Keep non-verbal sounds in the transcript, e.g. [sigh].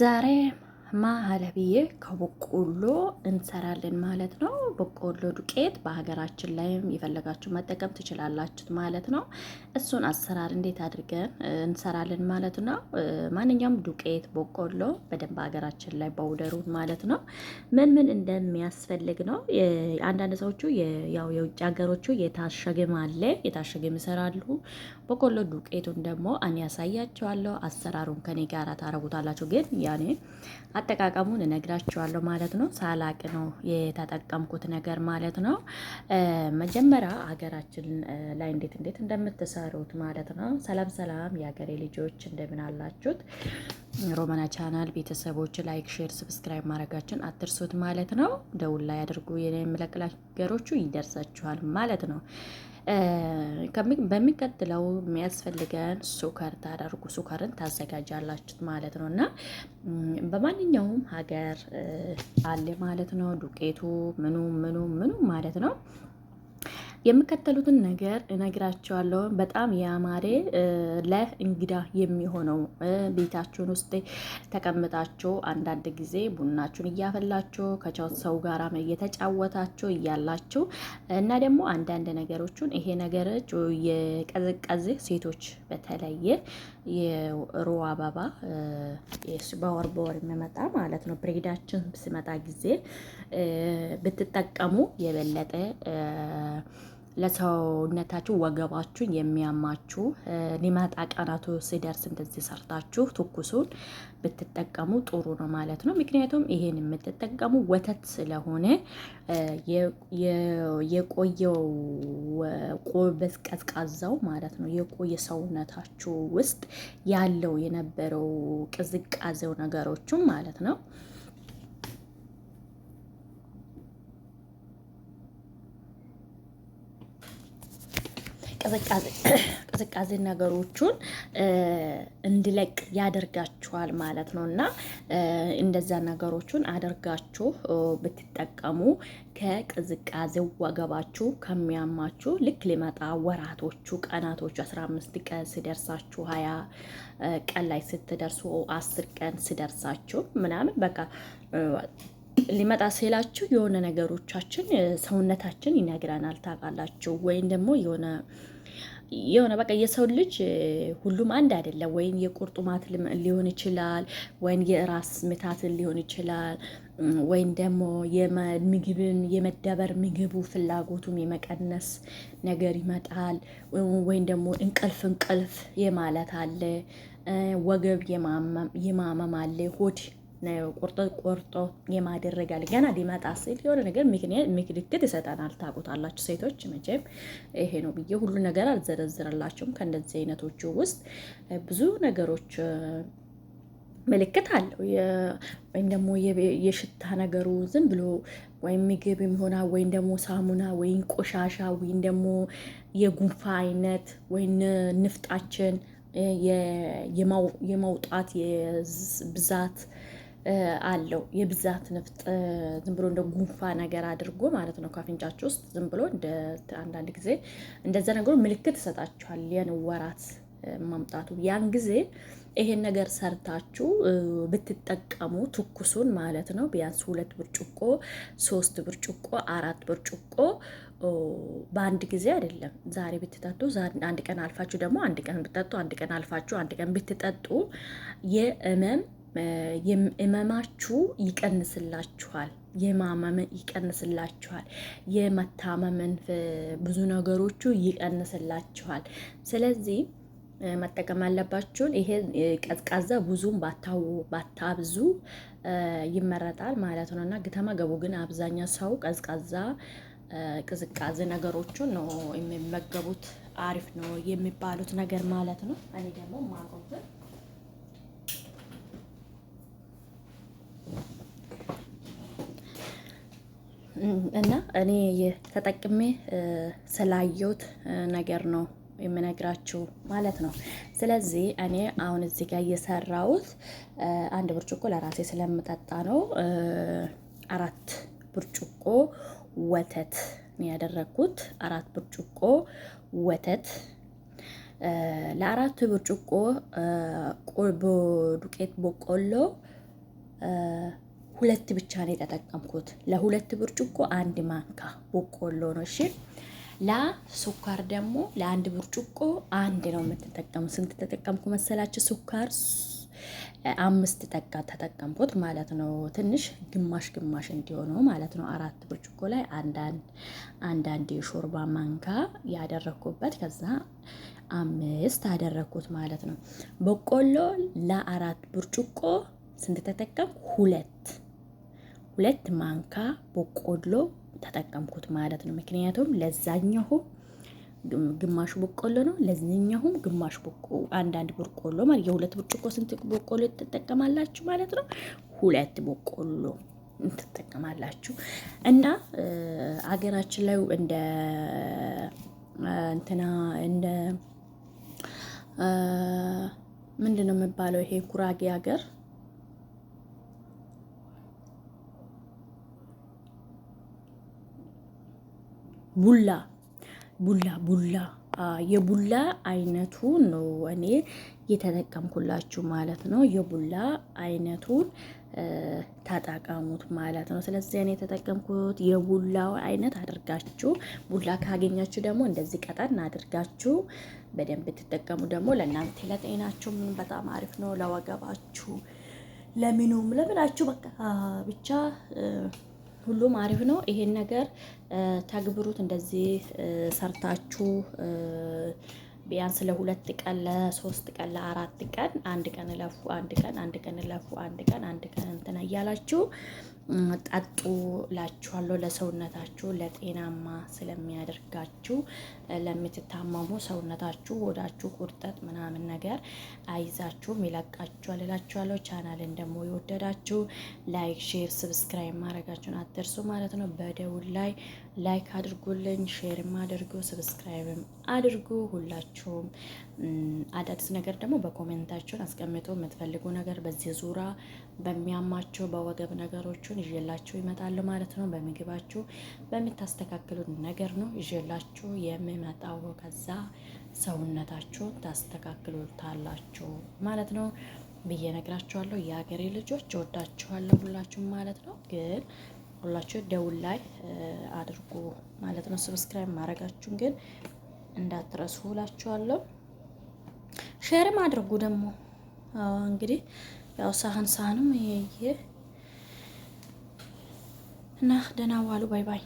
ዛሬ ብዬ ከበቆሎ እንሰራለን ማለት ነው። በቆሎ ዱቄት በሀገራችን ላይም የፈለጋችሁ መጠቀም ትችላላችሁ ማለት ነው። እሱን አሰራር እንዴት አድርገን እንሰራለን ማለት ነው። ማንኛውም ዱቄት በቆሎ በደንብ ሀገራችን ላይ ባውደሩን ማለት ነው። ምን ምን እንደሚያስፈልግ ነው። አንዳንድ ሰዎቹ ያው የውጭ ሀገሮቹ የታሸግም አለ የታሸግም ይሰራሉ። በቆሎ ዱቄቱን ደግሞ እኔ ያሳያቸዋለሁ። አሰራሩን ከኔ ጋር ታረጉታላችሁ ግን ያኔ አጠቃቀሙን እነግራችኋለሁ ማለት ነው። ሳላቅ ነው የተጠቀምኩት ነገር ማለት ነው። መጀመሪያ ሀገራችን ላይ እንዴት እንዴት እንደምትሰሩት ማለት ነው። ሰላም ሰላም የሀገሬ ልጆች እንደምን አላችሁት? ሮማና ቻናል ቤተሰቦች ላይክ፣ ሼር፣ ሰብስክራይብ ማድረጋችን አትርሱት ማለት ነው። ደውል ላይ አድርጉ የምለቅላችሁ ነገሮቹ ይደርሳችኋል ማለት ነው። በሚቀጥለው የሚያስፈልገን ሱከር ታደርጉ ሱከርን ታዘጋጃላችሁ ማለት ነው። እና በማንኛውም ሀገር አለ ማለት ነው። ዱቄቱ ምኑ ምኑ ምኑ ማለት ነው። የሚከተሉትን ነገር እነግራቸዋለሁ። በጣም ያማረ ለእንግዳ የሚሆነው ቤታችሁን ውስጥ ተቀምጣችሁ አንዳንድ ጊዜ ቡናችሁን እያፈላችሁ ከቻው ሰው ጋራ እየተጫወታችሁ እያላችሁ እና ደግሞ አንዳንድ ነገሮችን ይሄ ነገር የቀዝቀዝ ሴቶች በተለየ የሮ አበባ በወር በወር የሚመጣ ማለት ነው ብሬዳችን ሲመጣ ጊዜ ብትጠቀሙ የበለጠ ለሰውነታችሁ ወገባችሁ የሚያማችሁ ሊመጣ ቀናቱ ሲደርስ እንደዚህ ሰርታችሁ ትኩሱን ብትጠቀሙ ጥሩ ነው ማለት ነው። ምክንያቱም ይሄን የምትጠቀሙ ወተት ስለሆነ የቆየው ቀዝቃዛው ማለት ነው የቆየ ሰውነታችሁ ውስጥ ያለው የነበረው ቅዝቃዜው ነገሮችም ማለት ነው [coughs] ቅዝቃዜ ነገሮቹን እንዲለቅ ያደርጋችኋል ማለት ነው። እና እንደዛ ነገሮቹን አደርጋችሁ ብትጠቀሙ ከቅዝቃዜው ወገባችሁ ከሚያማችሁ ልክ ሊመጣ ወራቶቹ፣ ቀናቶቹ 15 ቀን ሲደርሳችሁ፣ ሀያ ቀን ላይ ስትደርሱ፣ አስር ቀን ሲደርሳችሁ ምናምን በቃ ሊመጣ ሲላችሁ የሆነ ነገሮቻችን ሰውነታችን ይነግረናል። ታውቃላችሁ ወይም ደግሞ የሆነ የሆነ በቃ የሰው ልጅ ሁሉም አንድ አይደለም። ወይም የቁርጡማት ሊሆን ይችላል፣ ወይም የራስ ምታትን ሊሆን ይችላል፣ ወይም ደግሞ ምግብን የመደበር ምግቡ ፍላጎቱም የመቀነስ ነገር ይመጣል። ወይም ደግሞ እንቅልፍ እንቅልፍ የማለት አለ፣ ወገብ የማመም አለ፣ ሆድ ቆርጦ ቆርጦ የማደረጋል ገና ሊመጣ ስል የሆነ ነገር ምልክት ይሰጠናል። ታውቁታላችሁ ሴቶች መቼም ይሄ ነው ብዬ ሁሉ ነገር አልዘረዝረላችሁም። ከእንደዚህ አይነቶቹ ውስጥ ብዙ ነገሮች ምልክት አለው። ወይም ደግሞ የሽታ ነገሩ ዝም ብሎ ወይም ምግብ የሚሆና ወይም ደግሞ ሳሙና ወይም ቆሻሻ ወይም ደግሞ የጉንፋ አይነት ወይም ንፍጣችን የመውጣት የብዛት አለው የብዛት ንፍጥ ዝም ብሎ እንደ ጉንፋ ነገር አድርጎ ማለት ነው ካፍንጫችሁ ውስጥ ዝም ብሎ አንዳንድ ጊዜ እንደዛ ነገሩ ምልክት ይሰጣችኋል። ያን ወራት ማምጣቱ ያን ጊዜ ይሄን ነገር ሰርታችሁ ብትጠቀሙ ትኩሱን ማለት ነው። ቢያንስ ሁለት ብርጭቆ፣ ሶስት ብርጭቆ፣ አራት ብርጭቆ በአንድ ጊዜ አይደለም። ዛሬ ብትጠጡ አንድ ቀን አልፋችሁ ደግሞ አንድ ቀን ብትጠጡ አንድ ቀን አልፋችሁ አንድ ቀን ብትጠጡ የእመም እመማችሁ ይቀንስላችኋል፣ የማመምን ይቀንስላችኋል፣ የመታመምን ብዙ ነገሮቹ ይቀንስላችኋል። ስለዚህ መጠቀም ያለባችሁን ይሄ ቀዝቃዛ ብዙም ባታው ባታብዙ ይመረጣል ማለት ነው። እና ግተማ ገቡ ግን አብዛኛው ሰው ቀዝቃዛ ቅዝቃዜ ነገሮቹን ነው የሚመገቡት። አሪፍ ነው የሚባሉት ነገር ማለት ነው። እኔ ደግሞ ማቆብን እና እኔ ተጠቅሜ ስላየሁት ነገር ነው የምነግራችሁ ማለት ነው። ስለዚህ እኔ አሁን እዚህ ጋር እየሰራሁት አንድ ብርጭቆ ለራሴ ስለምጠጣ ነው። አራት ብርጭቆ ወተት ነው ያደረግኩት። አራት ብርጭቆ ወተት ለአራት ብርጭቆ ዱቄት በቆሎ ሁለት ብቻ ነው የተጠቀምኩት። ለሁለት ብርጭቆ አንድ ማንካ በቆሎ ነው። እሺ ሱካር ደግሞ ለአንድ ብርጭቆ አንድ ነው የምትጠቀሙ። ስንት ተጠቀምኩ መሰላችሁ? ሱካር አምስት ጠቃ ተጠቀምኩት ማለት ነው። ትንሽ ግማሽ ግማሽ እንዲሆነው ማለት ነው። አራት ብርጭቆ ላይ አንዳንድ የሾርባ ማንካ ያደረግኩበት ከዛ አምስት አደረግኩት ማለት ነው። በቆሎ ለአራት ብርጭቆ ስንት ተጠቀምኩ? ሁለት ሁለት ማንካ በቆሎ ተጠቀምኩት ማለት ነው። ምክንያቱም ለዛኛሁ ግማሹ በቆሎ ነው፣ ለዚኛሁም ግማሽ አንዳንድ በቆሎ ማለት የሁለት ብርጭቆ ስንት በቆሎ ትጠቀማላችሁ ማለት ነው? ሁለት በቆሎ ትጠቀማላችሁ እና አገራችን ላይ እንደ እንትና እንደ ምንድን ነው የሚባለው ይሄ ጉራጌ ሀገር ቡላ ቡላ ቡላ የቡላ አይነቱ ነው እኔ እየተጠቀምኩላችሁ ማለት ነው። የቡላ አይነቱን ተጠቀሙት ማለት ነው። ስለዚህ እኔ የተጠቀምኩት የቡላው አይነት አድርጋችሁ ቡላ ካገኛችሁ ደግሞ እንደዚህ ቀጠን አድርጋችሁ በደንብ ትጠቀሙ ደግሞ ለእናንተ ለጤናችሁ ምን በጣም አሪፍ ነው። ለወገባችሁ፣ ለምኑም፣ ለምናችሁ በቃ ብቻ ሁሉም አሪፍ ነው። ይሄን ነገር ተግብሩት። እንደዚህ ሰርታችሁ ቢያንስ ለሁለት ቀን ለሶስት ቀን ለአራት ቀን አንድ ቀን እለፉ፣ አንድ ቀን አንድ ቀን እለፉ፣ አንድ ቀን አንድ ቀን እንትን እያላችሁ ጠጡ ላችኋለሁ። ለሰውነታችሁ ለጤናማ ስለሚያደርጋችሁ ለምትታመሙ ሰውነታችሁ ወዳችሁ ቁርጠት ምናምን ነገር አይዛችሁም፣ ይለቃችኋል እላችኋለሁ። ቻናልን ደግሞ የወደዳችሁ ላይክ፣ ሼር፣ ስብስክራይብ ማድረጋችሁን አትርሱ ማለት ነው። በደውል ላይ ላይክ አድርጉልኝ፣ ሼርም አድርጉ፣ ስብስክራይብም አድርጉ። ሁላችሁም አዳዲስ ነገር ደግሞ በኮሜንታችሁን አስቀምጡ። የምትፈልጉ ነገር በዚህ ዙራ በሚያማቸው በወገብ ነገሮች ምግባችሁን ይዤላችሁ ይመጣሉ ማለት ነው። በምግባችሁ በምታስተካክሉት ነገር ነው ይዤላችሁ የሚመጣው። ከዛ ሰውነታችሁን ታስተካክሉታላችሁ ማለት ነው ብዬ ነግራችኋለሁ። የሀገሬ ልጆች ወዳችኋለሁ ሁላችሁም ማለት ነው። ግን ሁላችሁ ደውል ላይ አድርጉ ማለት ነው። ሰብስክራይብ ማድረጋችሁን ግን እንዳትረሱ ሁላችኋለሁ። ሼርም አድርጉ ደግሞ እንግዲህ ያው ሳህን ሳህንም ይሄ እና ደህና ዋሉ። ባይ ባይ።